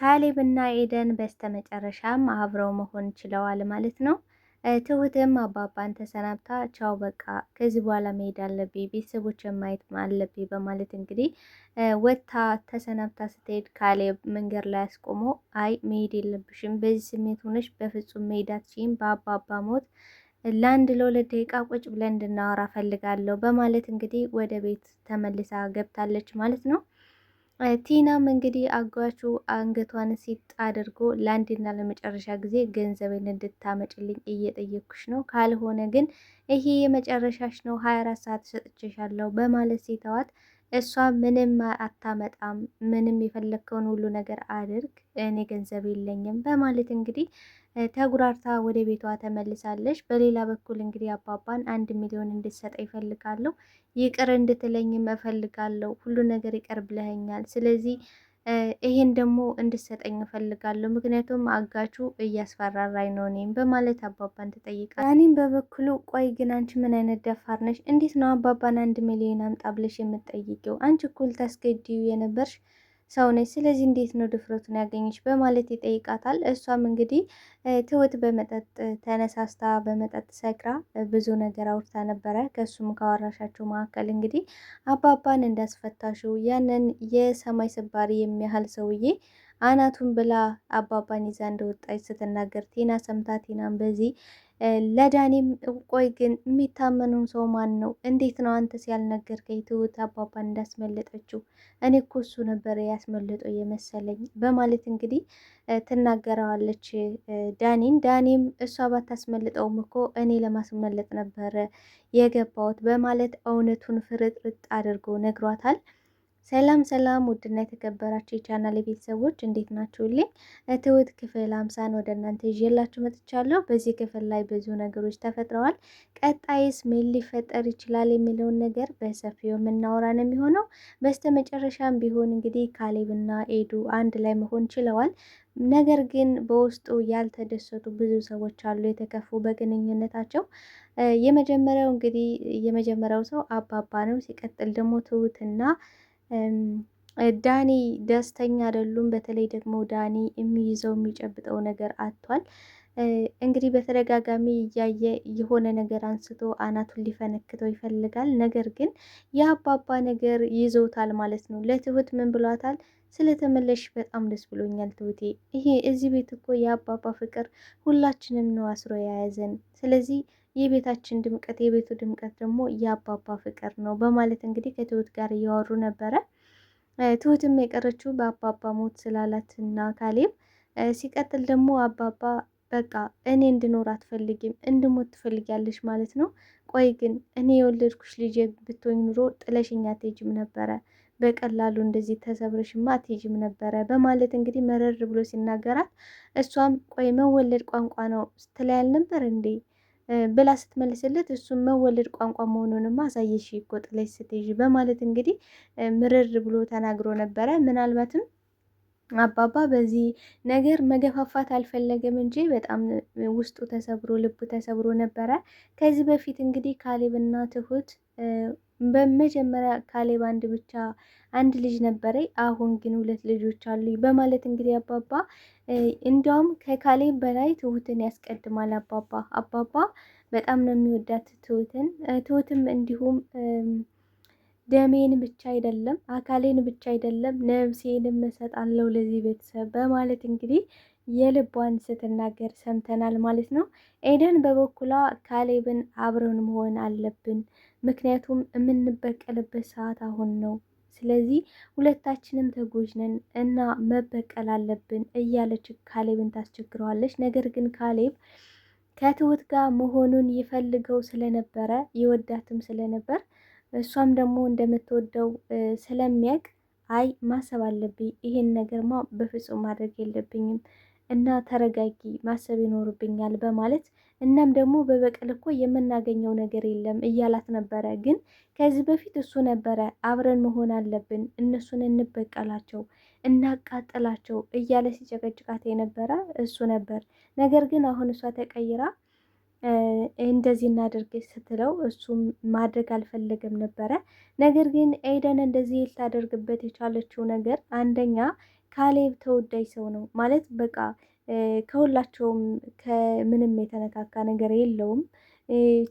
ካሌብና ኤደን በስተመጨረሻም አብረው መሆን ችለዋል ማለት ነው። ትሁትም አባባን ተሰናብታ ቻው በቃ ከዚህ በኋላ መሄድ አለብኝ፣ ቤተሰቦች ማየት አለብኝ በማለት እንግዲህ ወታ ተሰናብታ ስትሄድ ካሌብ መንገድ ላይ አስቆሞ አይ መሄድ የለብሽም በዚህ ስሜት ሆነሽ በፍጹም መሄድ አትችይም፣ በአባባ ሞት ለአንድ ለሁለት ደቂቃ ቁጭ ብለን እንድናወራ ፈልጋለሁ በማለት እንግዲህ ወደ ቤት ተመልሳ ገብታለች ማለት ነው። ቲናም እንግዲህ አጓቹ አንገቷን ሲጥ አድርጎ ለአንድና ለመጨረሻ ጊዜ ገንዘብን እንድታመጭልኝ እየጠየኩሽ ነው፣ ካልሆነ ግን ይሄ የመጨረሻሽ ነው፣ 24 ሰዓት ሰጥቼሻለሁ በማለት ሲተዋት እሷ ምንም አታመጣም፣ ምንም የፈለግከውን ሁሉ ነገር አድርግ፣ እኔ ገንዘብ የለኝም በማለት እንግዲህ ተጉራርታ ወደ ቤቷ ተመልሳለች። በሌላ በኩል እንግዲህ አባባን አንድ ሚሊዮን እንድትሰጠ ይፈልጋለሁ፣ ይቅር እንድትለኝም እፈልጋለሁ፣ ሁሉ ነገር ይቀር ብለኸኛል፣ ስለዚህ ይሄን ደግሞ እንድሰጠኝ እፈልጋለሁ፣ ምክንያቱም አጋቹ እያስፈራራኝ ነው እኔም በማለት አባባን ትጠይቃል። እኔም በበኩሉ ቆይ ግን አንቺ ምን አይነት ደፋር ነሽ? እንዴት ነው አባባን አንድ ሚሊዮን አምጣ ብለሽ የምትጠይቂው? አንቺ እኩል ታስገድዩ የነበርሽ ሰው ነች። ስለዚህ እንዴት ነው ድፍረቱን ያገኘች በማለት ይጠይቃታል። እሷም እንግዲህ ትሁት በመጠጥ ተነሳስታ በመጠጥ ሰክራ ብዙ ነገር አውርታ ነበረ። ከእሱም ካወራሻቸው መካከል እንግዲህ አባባን እንዳስፈታሹ ያንን የሰማይ ስባሪ የሚያህል ሰውዬ አናቱን ብላ አባባን ይዛ እንደወጣች ስትናገር ቲና ሰምታ ቲናም በዚህ ለዳኔም ቆይ ግን የሚታመኑን ሰው ማን ነው? እንዴት ነው አንተ ያልነገርከኝ? ትሁት አባባን እንዳስመለጠችው እኔ እኮ እሱ ነበረ ያስመለጠው የመሰለኝ በማለት እንግዲህ ትናገረዋለች ዳኔን። ዳኔም እሷ ባታስመልጠውም እኮ እኔ ለማስመለጥ ነበረ የገባሁት በማለት እውነቱን ፍርጥርጥ አድርጎ ነግሯታል። ሰላም ሰላም ውድና የተከበራችሁ የቻናል ቤተሰቦች እንዴት ናችሁልኝ? ትሁት ክፍል አምሳን ወደ እናንተ ይዤላችሁ መጥቻለሁ። በዚህ ክፍል ላይ ብዙ ነገሮች ተፈጥረዋል። ቀጣይስ ምን ሊፈጠር ይችላል የሚለውን ነገር በሰፊው የምናወራ ነው የሚሆነው። በስተ መጨረሻም ቢሆን እንግዲህ ካሌብና ኤዱ አንድ ላይ መሆን ችለዋል። ነገር ግን በውስጡ ያልተደሰቱ ብዙ ሰዎች አሉ፣ የተከፉ በግንኙነታቸው። የመጀመሪያው እንግዲህ የመጀመሪያው ሰው አባባ ነው። ሲቀጥል ደግሞ ትሁትና ዳኒ ደስተኛ አይደሉም። በተለይ ደግሞ ዳኒ የሚይዘው የሚጨብጠው ነገር አጥቷል። እንግዲህ በተደጋጋሚ እያየ የሆነ ነገር አንስቶ አናቱን ሊፈነክተው ይፈልጋል። ነገር ግን የአባባ ነገር ይዘውታል ማለት ነው። ለትሁት ምን ብሏታል? ስለተመለሽ በጣም ደስ ብሎኛል ትሁቴ። ይሄ እዚህ ቤት እኮ የአባባ ፍቅር ሁላችንም ነው አስሮ የያዘን። ስለዚህ የቤታችን ድምቀት የቤቱ ድምቀት ደግሞ የአባባ ፍቅር ነው በማለት እንግዲህ ከትሁት ጋር እያወሩ ነበረ። ትሁትም የቀረችው በአባባ ሞት ስላላት እና ካሌብ ሲቀጥል ደግሞ አባባ በቃ እኔ እንድኖር አትፈልጊም እንድሞት ትፈልጊያለሽ ማለት ነው። ቆይ ግን እኔ የወለድኩሽ ልጅ ብትሆኝ ኑሮ ጥለሽኛ አትሄጂም ነበረ፣ በቀላሉ እንደዚህ ተሰብረሽማ አትሄጂም ነበረ በማለት እንግዲህ መረር ብሎ ሲናገራት፣ እሷም ቆይ መወለድ ቋንቋ ነው ስትለያል ነበር እንዴ ብላ ስትመልስለት እሱም መወለድ ቋንቋ መሆኑንማ አሳየሽ ይቆጥለሽ ስትይዥ በማለት እንግዲህ ምርር ብሎ ተናግሮ ነበረ። ምናልባትም አባባ በዚህ ነገር መገፋፋት አልፈለገም እንጂ በጣም ውስጡ ተሰብሮ ልቡ ተሰብሮ ነበረ። ከዚህ በፊት እንግዲህ ካሌብና ትሁት በመጀመሪያ ካሌብ አንድ ብቻ አንድ ልጅ ነበረ፣ አሁን ግን ሁለት ልጆች አሉኝ በማለት እንግዲህ አባባ እንዲያውም ከካሌብ በላይ ትሁትን ያስቀድማል። አባባ አባባ በጣም ነው የሚወዳት ትሁትን። ትሁትም እንዲሁም ደሜን ብቻ አይደለም አካሌን ብቻ አይደለም ነብሴንም እሰጣለሁ ለዚህ ቤተሰብ በማለት እንግዲህ የልቧን ስትናገር ሰምተናል ማለት ነው። ኤደን በበኩሏ ካሌብን አብረን መሆን አለብን ምክንያቱም የምንበቀልበት ሰዓት አሁን ነው። ስለዚህ ሁለታችንም ተጎጂ ነን እና መበቀል አለብን እያለች ካሌብን ታስቸግረዋለች። ነገር ግን ካሌብ ከትሁት ጋር መሆኑን ይፈልገው ስለነበረ ይወዳትም ስለነበር እሷም ደግሞ እንደምትወደው ስለሚያውቅ አይ ማሰብ አለብኝ፣ ይሄን ነገርማ በፍጹም ማድረግ የለብኝም እና ተረጋጊ ማሰብ ይኖርብኛል በማለት እናም ደግሞ በበቀል እኮ የምናገኘው ነገር የለም እያላት ነበረ። ግን ከዚህ በፊት እሱ ነበረ አብረን መሆን አለብን፣ እነሱን እንበቀላቸው፣ እናቃጥላቸው እያለ ሲጨቀጭቃት የነበረ እሱ ነበር። ነገር ግን አሁን እሷ ተቀይራ እንደዚህ እናደርግ ስትለው እሱም ማድረግ አልፈለገም ነበረ። ነገር ግን ኤደን እንደዚህ ልታደርግበት የቻለችው ነገር አንደኛ ካሌብ ተወዳጅ ሰው ነው ማለት በቃ ከሁላቸውም ከምንም የተነካካ ነገር የለውም።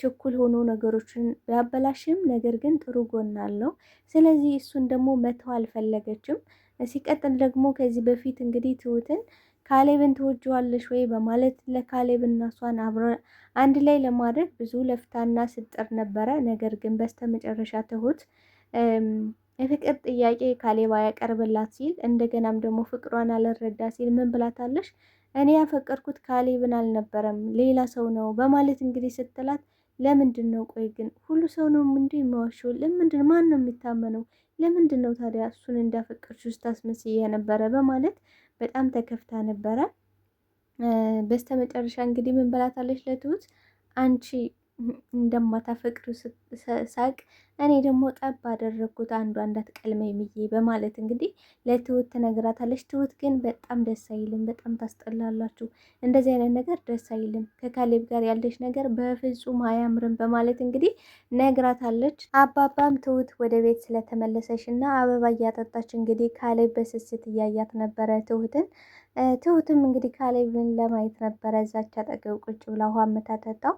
ችኩል ሆኖ ነገሮችን ቢያበላሽም ነገር ግን ጥሩ ጎን አለው። ስለዚህ እሱን ደግሞ መተው አልፈለገችም። ሲቀጥል ደግሞ ከዚህ በፊት እንግዲህ ትሁትን ካሌብን ትወጂዋለሽ ወይ በማለት ለካሌብ እና እሷን አብረ አንድ ላይ ለማድረግ ብዙ ለፍታና ስጥር ነበረ። ነገር ግን በስተመጨረሻ ትሁት የፍቅር ጥያቄ ካሌብ ያቀርብላት ሲል እንደገናም ደግሞ ፍቅሯን አልረዳ ሲል ምን ብላታለሽ? እኔ ያፈቀርኩት ካሌብን አልነበረም ሌላ ሰው ነው በማለት እንግዲህ ስትላት፣ ለምንድን ነው ቆይ ግን ሁሉ ሰው ነው እንዲ የሚዋሸው? ለምንድን ማን ነው የሚታመነው? ለምንድን ነው ታዲያ እሱን እንዳፈቀርሽ ውስጥ አስመስዬ ነበረ በማለት በጣም ተከፍታ ነበረ። በስተመጨረሻ እንግዲህ ምን ብላታለች ለትሁት አንቺ እንደማታፈቅዱ ሳቅ እኔ ደግሞ ጠብ አደረግኩት አንዷ እንዳትቀልመኝ ብዬ በማለት እንግዲህ ለትሁት ትነግራታለች። ትሁት ግን በጣም ደስ አይልም፣ በጣም ታስጠላላችሁ፣ እንደዚህ አይነት ነገር ደስ አይልም፣ ከካሌብ ጋር ያለች ነገር በፍጹም አያምርም በማለት እንግዲህ ነግራታለች። አባባም ትሁት ወደ ቤት ስለተመለሰች እና አበባ እያጠጣች እንግዲህ ካሌብ በስስት እያያት ነበረ ትሁትን ትሁትም እንግዲህ ካሌብን ለማየት ነበረ እዛች አጠገብ ቁጭ ብላ ውሃ የምታጠጣው።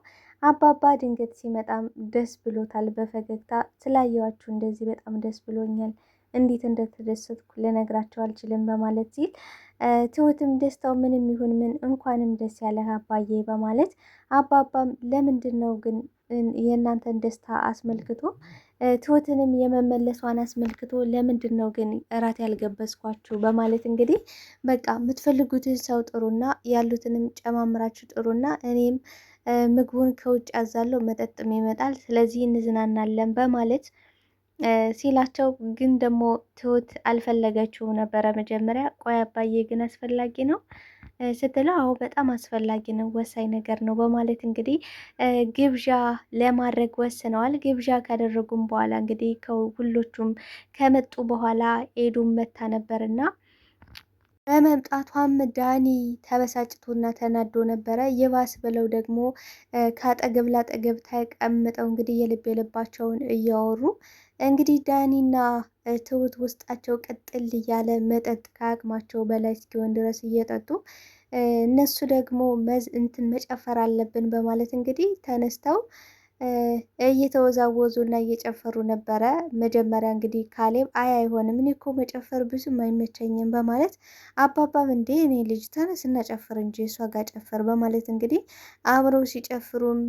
አባባ ድንገት ሲመጣም ደስ ብሎታል በፈገግታ ስላየዋችሁ እንደዚህ በጣም ደስ ብሎኛል፣ እንዴት እንደተደሰትኩ ልነግራቸው አልችልም በማለት ሲል ትሁትም ደስታው ምንም ይሁን ምን እንኳንም ደስ ያለህ አባዬ በማለት አባባም ለምንድን ነው ግን የእናንተን ደስታ አስመልክቶ ትሁትንም የመመለሷን አስመልክቶ ለምንድን ነው ግን እራት ያልገበዝኳችሁ በማለት እንግዲህ በቃ የምትፈልጉትን ሰው ጥሩና ያሉትንም ጨማምራችሁ ጥሩና እኔም ምግቡን ከውጭ አዛለው መጠጥም ይመጣል፣ ስለዚህ እንዝናናለን በማለት ሲላቸው ግን ደግሞ ትሁት አልፈለገችው ነበረ መጀመሪያ። ቆይ አባዬ ግን አስፈላጊ ነው ስትለው አዎ በጣም አስፈላጊ ነው፣ ወሳኝ ነገር ነው በማለት እንግዲህ ግብዣ ለማድረግ ወስነዋል። ግብዣ ካደረጉም በኋላ እንግዲህ ከሁሎቹም ከመጡ በኋላ ኤዱም መታ ነበርና በመምጣቷም ዳኒ ተበሳጭቶና ተናዶ ነበረ። ይባስ ብለው ደግሞ ከአጠገብ ላጠገብ ተቀምጠው እንግዲህ የልብ የልባቸውን እያወሩ እንግዲህ ዳኒና ትሁት ውስጣቸው ቅጥል እያለ መጠጥ ከአቅማቸው በላይ እስኪሆን ድረስ እየጠጡ እነሱ ደግሞ መዝ እንትን መጨፈር አለብን በማለት እንግዲህ ተነስተው እየተወዛወዙ እና እየጨፈሩ ነበረ። መጀመሪያ እንግዲህ ካሌብ አይ አይሆንም፣ እኔ እኮ መጨፈር ብዙም አይመቸኝም በማለት አባባም እንዴ እኔ ልጅ ተነስ እና ጨፍር እንጂ እሷ ጋር ጨፍር በማለት እንግዲህ አብረው ሲጨፍሩም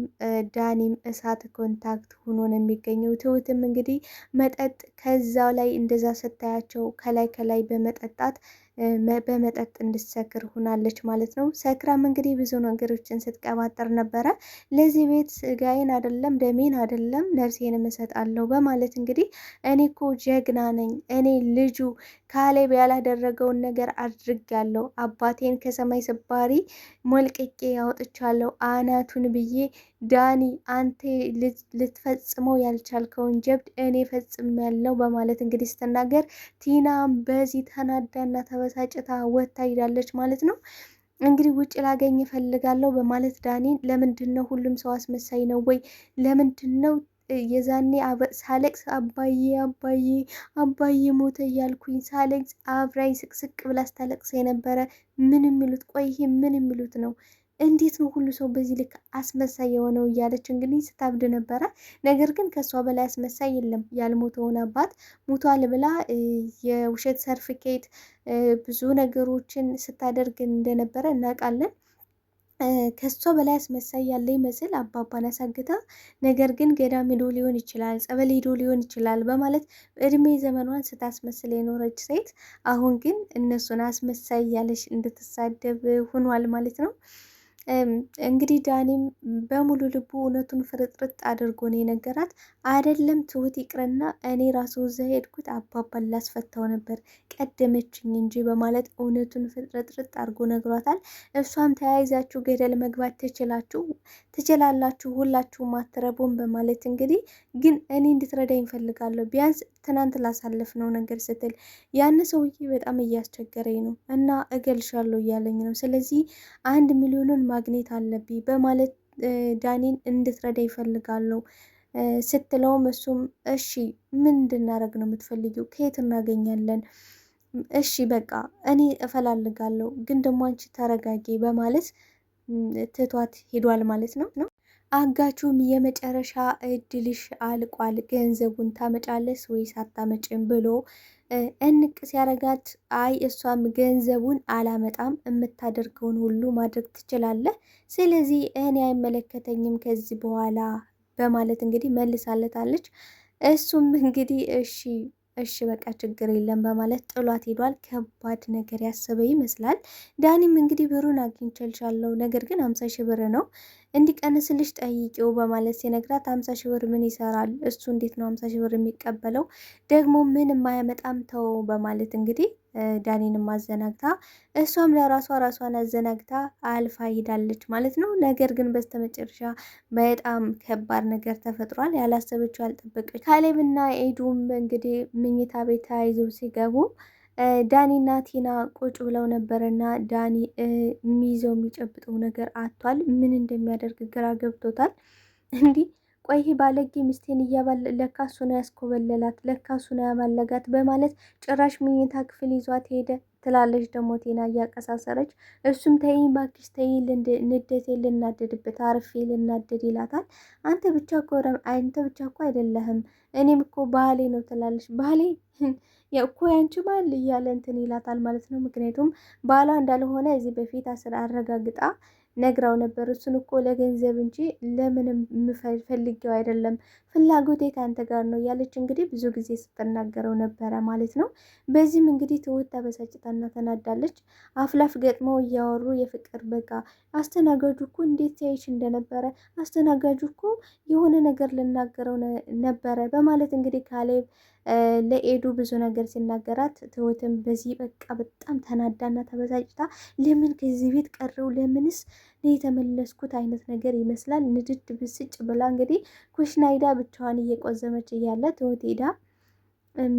ዳኒም እሳት ኮንታክት ሆኖ ነው የሚገኘው። ትሁትም እንግዲህ መጠጥ ከዛው ላይ እንደዛ ስታያቸው ከላይ ከላይ በመጠጣት በመጠጥ እንድትሰክር ሆናለች ማለት ነው። ሰክራም እንግዲህ ብዙ ነገሮችን ስትቀባጠር ነበረ። ለዚህ ቤት ስጋዬን አይደለም ደሜን አይደለም ነፍሴን እሰጣለሁ በማለት እንግዲህ እኔ እኮ ጀግና ነኝ፣ እኔ ልጁ ካሌብ ያላደረገውን ነገር አድርጋለሁ፣ አባቴን ከሰማይ ስባሪ ሞልቅቄ ያውጥቻለሁ አናቱን ብዬ ዳኒ አንተ ልትፈጽመው ያልቻልከውን ጀብድ እኔ ያለው በማለት እንግዲህ ስትናገር ቲናም በዚህ ተናዳና ተበሳጭታ ወታ ሄዳለች ማለት ነው። እንግዲህ ውጭ ላገኝ እፈልጋለሁ በማለት ዳኒን ለምንድን ነው ሁሉም ሰው አስመሳይ ነው ወይ? ለምንድን ነው የዛኔ ሳለቅስ አባዬ አባዬ አባዬ ሞተ እያልኩኝ ሳለቅስ አብራይ ስቅስቅ ብላ ስታለቅስ የነበረ ምን የሚሉት ቆይ ይሄ ምን የሚሉት ነው? እንዴት ነው ሁሉ ሰው በዚህ ልክ አስመሳይ የሆነው እያለች እንግዲህ ስታብድ ነበረ። ነገር ግን ከእሷ በላይ አስመሳይ የለም። ያልሞተውን አባት ሙቷል ብላ የውሸት ሰርፍኬት ብዙ ነገሮችን ስታደርግ እንደነበረ እናውቃለን። ከእሷ በላይ አስመሳይ ያለ ይመስል አባባን አሳግታ፣ ነገር ግን ገዳም ሄዶ ሊሆን ይችላል፣ ጸበል ሄዶ ሊሆን ይችላል በማለት እድሜ ዘመኗን ስታስመስል የኖረች ሴት አሁን ግን እነሱን አስመሳይ እያለች እንድትሳደብ ሆኗል ማለት ነው። እንግዲህ ዳኒም በሙሉ ልቡ እውነቱን ፍርጥርጥ አድርጎ ነው የነገራት። አይደለም ትሁት ይቅርና እኔ ራሱ እዛ ሄድኩት አባባል ላስፈታው ነበር ቀደመችኝ እንጂ በማለት እውነቱን ፍርጥርጥ አድርጎ ነግሯታል። እሷም ተያይዛችሁ ገደል መግባት ትችላችሁ ትችላላችሁ ሁላችሁ ማትረቡም በማለት እንግዲህ ግን እኔ እንድትረዳኝ እፈልጋለሁ ቢያንስ ትናንት ነው ነገር ስትል ያን ሰውዬ በጣም እያስቸገረኝ ነው እና እገልሻለሁ እያለኝ ነው። ስለዚህ አንድ ሚሊዮኑን ማግኘት አለብኝ በማለት ዳኒን እንድትረዳ ይፈልጋለሁ ስትለውም እሱም እሺ ምን እንድናደርግ ነው የምትፈልጊው? ከየት እናገኛለን? እሺ በቃ እኔ እፈላልጋለሁ፣ ግን ደግሞ አንቺ ተረጋጌ በማለት ትቷት ሄዷል ማለት ነው ነው አጋቹም የመጨረሻ እድልሽ አልቋል፣ ገንዘቡን ታመጫለሽ ወይስ አታመጭም ብሎ እንቅ ሲያረጋት፣ አይ እሷም ገንዘቡን አላመጣም የምታደርገውን ሁሉ ማድረግ ትችላለህ፣ ስለዚህ እኔ አይመለከተኝም ከዚህ በኋላ በማለት እንግዲህ መልሳለታለች። እሱም እንግዲህ እሺ እሺ በቃ ችግር የለም በማለት ጥሏት ሄዷል። ከባድ ነገር ያሰበ ይመስላል። ዳኒም እንግዲህ ብሩን አግኝቼልሻለሁ ነገር ግን አምሳ ሺህ ብር ነው እንዲቀንስልሽ ጠይቂው በማለት ሲነግራት ሀምሳ ሺህ ብር ምን ይሰራል እሱ እንዴት ነው ሀምሳ ሺህ ብር የሚቀበለው ደግሞ ምን የማያመጣም ተው በማለት እንግዲህ ዳኒንም አዘናግታ እሷም ለራሷ ራሷን አዘናግታ አልፋ ሄዳለች ማለት ነው። ነገር ግን በስተመጨረሻ በጣም ከባድ ነገር ተፈጥሯል። ያላሰበችው ያልጠበቀች ካሌብና ኤዱም እንግዲህ ምኝታ ቤት ተያይዘው ሲገቡ ዳኒና ቲና ቁጭ ብለው እና ዳኒ የሚይዘው የሚጨብጠው ነገር አቷል። ምን እንደሚያደርግ ግራ ገብቶታል እንዲህ ቆይ ባለጌ ሚስቴን እያባለ ለካ እሱ ነው ያስኮበለላት፣ ለካ እሱ ነው ያማለጋት በማለት ጭራሽ መኝታ ክፍል ይዟት ሄደ ትላለች ደግሞ ቴና እያቀሳሰረች። እሱም ተይኝ እባክሽ ተይኝ፣ ንደቴ ልናደድበት አርፌ ልናደድ ይላታል። አንተ ብቻ እኮ አንተ ብቻ እኮ አይደለህም እኔም እኮ ባህሌ ነው ትላለች። ባህሌ እኮ ያንቺ ባል እያለ እንትን ይላታል ማለት ነው። ምክንያቱም ባሏ እንዳልሆነ እዚህ በፊት አስር አረጋግጣ ነግራው ነበር። እሱን እኮ ለገንዘብ እንጂ ለምንም ፈልጌው አይደለም፣ ፍላጎቴ ከአንተ ጋር ነው ያለች እንግዲህ ብዙ ጊዜ ስትናገረው ነበረ ማለት ነው። በዚህም እንግዲህ ትሁት ተበሳጭታና ተናዳለች። አፍላፍ ገጥመው እያወሩ የፍቅር በቃ አስተናጋጁ እኮ እንዴት ያይሽ እንደነበረ አስተናጋጁ እኮ የሆነ ነገር ልናገረው ነበረ በማለት እንግዲህ ካሌብ ለኤዱ ብዙ ነገር ሲናገራት ትሁትም በዚህ በቃ በጣም ተናዳና ተበሳጭታ ለምን ከዚህ ቤት ቀረው ለምንስ የተመለስኩት አይነት ነገር ይመስላል ንድድ ብስጭ ብላ እንግዲህ ኩሽና ሂዳ ብቻዋን እየቆዘመች እያለ ትሁት ሄዳ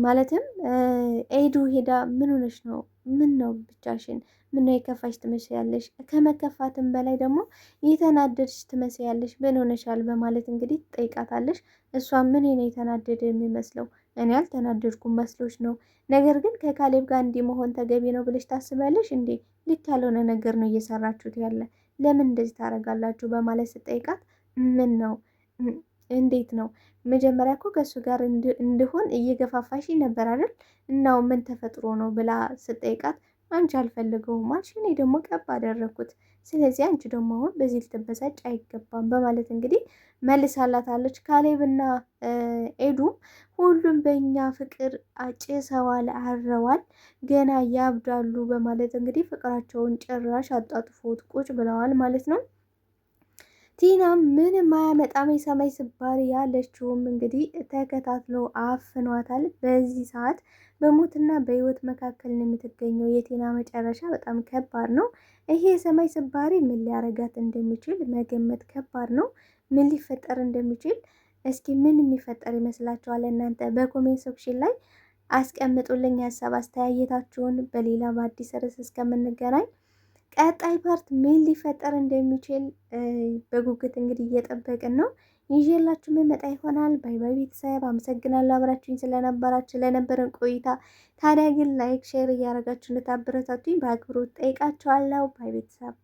ማለትም ኤዱ ሄዳ ምን ሆነች ነው ምን ነው ብቻሽን? ምን ነው የከፋሽ ትመስያለሽ? ከመከፋትም በላይ ደግሞ የተናደድሽ ትመስያለሽ። ምን ሆነሻል? በማለት እንግዲህ ትጠይቃታለሽ። እሷ ምን ነው የተናደደ የሚመስለው? እኔ አልተናደድኩም መስሎች ነው። ነገር ግን ከካሌብ ጋር እንዲህ መሆን ተገቢ ነው ብለሽ ታስቢያለሽ እንዴ? ልክ ያልሆነ ነገር ነው እየሰራችሁት ያለ። ለምን እንደዚህ ታደርጋላችሁ? በማለት ስጠይቃት ምን ነው እንዴት ነው? መጀመሪያ እኮ ከእሱ ጋር እንድሆን እየገፋፋሽ ነበር አይደል? እናው ምን ተፈጥሮ ነው ብላ ስጠይቃት አንቺ አልፈልገውም አልሽ፣ እኔ ደግሞ ቀብ አደረግኩት። ስለዚህ አንቺ ደግሞ አሁን በዚህ ልትበሳጭ አይገባም በማለት እንግዲህ መልሳላታለች። ካሌብና ኤዱም ሁሉም በእኛ ፍቅር አጭሰዋል፣ አረዋል፣ ገና ያብዳሉ በማለት እንግዲህ ፍቅራቸውን ጭራሽ አጣጥፎት ቁጭ ብለዋል ማለት ነው። ቲናም ምንም አያመጣም የሰማይ ስባሪ ያለችውም እንግዲህ ተከታትሎ አፍኗታል። በዚህ ሰዓት በሞትና በህይወት መካከል ነው የምትገኘው። የቲና መጨረሻ በጣም ከባድ ነው። ይሄ የሰማይ ስባሪ ምን ሊያረጋት እንደሚችል መገመት ከባድ ነው። ምን ሊፈጠር እንደሚችል እስኪ ምን የሚፈጠር ይመስላችኋል? እናንተ በኮሜንት ሴክሽን ላይ አስቀምጡልኝ ሀሳብ አስተያየታችሁን። በሌላ በአዲስ ርዕስ እስከምንገናኝ ቀጣይ ፓርት ምን ሊፈጠር እንደሚችል በጉጉት እንግዲህ እየጠበቅን ነው። ይዤላችሁ መመጣ ይሆናል። ባይ ባይ ቤተሰብ፣ አመሰግናለሁ አብራችሁኝ ስለነበራችሁ ለነበረን ቆይታ። ታዲያ ግን ላይክ፣ ሼር እያደረጋችሁ እንድታበረታቱኝ በአክብሮት ጠይቃችኋለሁ። ባይ ቤተሰብ።